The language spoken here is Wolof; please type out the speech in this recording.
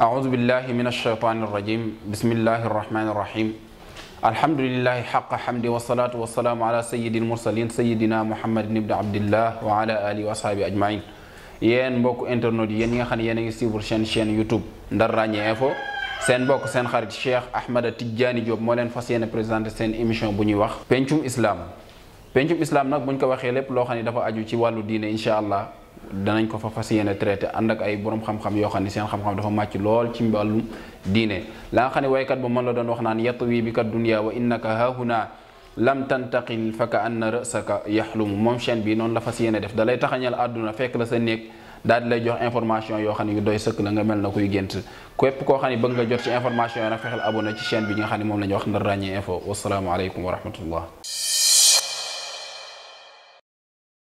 أعوذ بالله من الشيطان الرجيم بسم الله الرحمن الرحيم الحمد لله حق حمد والصلاة والسلام على سيد المرسلين سيدنا محمد بن عبد الله وعلى آله وصحبه أجمعين yéen mbokk internet yi yéen yi nga xam ne yéen a ngi suivre seen chaîne YouTube Ndar Ràññee Info seen mbokk seen xarit Cheikh Ahmada Tidiane Diop moo leen fas yéene présenté seen émission bu ñuy wax pencum islam pencum islam nag buñ ko waxee lépp loo xam ne dafa aju ci wàllu diine incha allah danañ ko fa fas yéene traité ànd ak ay boroom xam-xam yoo xam ne seen xam-xam dafa màcc lool ci mbàllum diine la nga xam ne waykat ba mën la doon wax naan yatwi bi ka dunya wa innaka hahuna lam tantaqil fa ka anna rasaka yaxlumu moom chaîne bi noonu la fas yéene def dalay taxañal àdduna fekk la sa néeg daal di lay jox information yoo xam ne yu doy sëkk la nga mel na kuy gént képp koo xam ne bëgg nga jot ci information yi nag fexeel abonné ci chaîne moom la ñu wax Ndar Ràññee Info wasalaamaaleykum wa